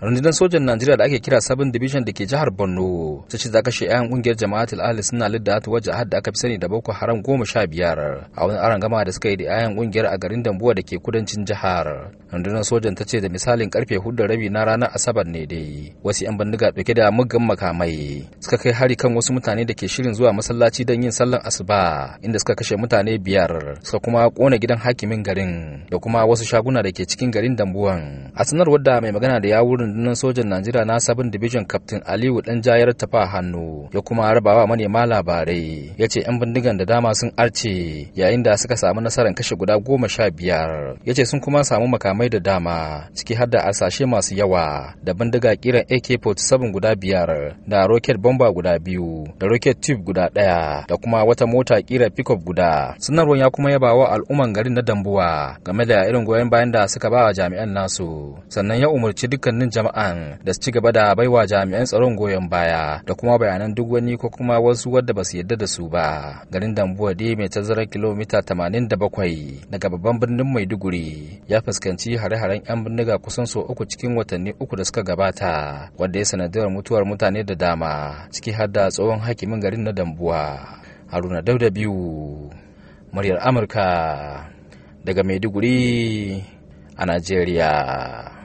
rundunar sojan najeriya da ake kira sabon division da ke jihar borno ta ce za kashe 'yan kungiyar jama'atul ahli suna lidda ta wajen hadda aka fi sani da boko haram goma sha biyar a wani aron gama da suka yi da 'ya'yan kungiyar a garin dambuwa da ke kudancin jihar rundunar sojan ta ce da misalin karfe hudu rabi na ranar asabar ne dai wasu 'yan bindiga dauke da muggan makamai suka kai hari kan wasu mutane da ke shirin zuwa masallaci don yin sallan asuba inda suka kashe mutane biyar suka kuma kona gidan hakimin garin da kuma wasu shaguna da ke cikin garin dambuwan a sanarwar da mai magana da yawurin rundunar sojan Najeriya na sabon division captain Aliyu dan jayar tafa hannu ya kuma rabawa manema labarai ya ce 'yan bindigan da dama sun arce yayin da suka samu nasarar kashe guda goma sha biyar ya ce sun kuma samu makamai da dama ciki har da asashe masu yawa da bindiga kiran AK-47 guda biyar da rocket bomba guda biyu da rocket tube guda ɗaya da kuma wata mota kira pickup guda sanarwar ya kuma yaba wa al'umman garin na dambuwa game da irin goyon bayan da suka ba wa jami'an nasu sannan ya umarci dukkanin jama'an da su ci gaba da baiwa jami'an tsaron goyon baya da kuma bayanan duk wani ko kuma wasu wadda ba su yarda da su ba garin dambuwa dai mai tazarar kilomita tamanin da bakwai daga babban birnin maiduguri ya fuskanci hare-haren 'yan bindiga kusan sau uku cikin watanni uku da suka gabata wadda ya sanadiyar mutuwar mutane da dama ciki har da tsohon hakimin garin na dambuwa haruna dauda biyu muryar amurka daga maiduguri a najeriya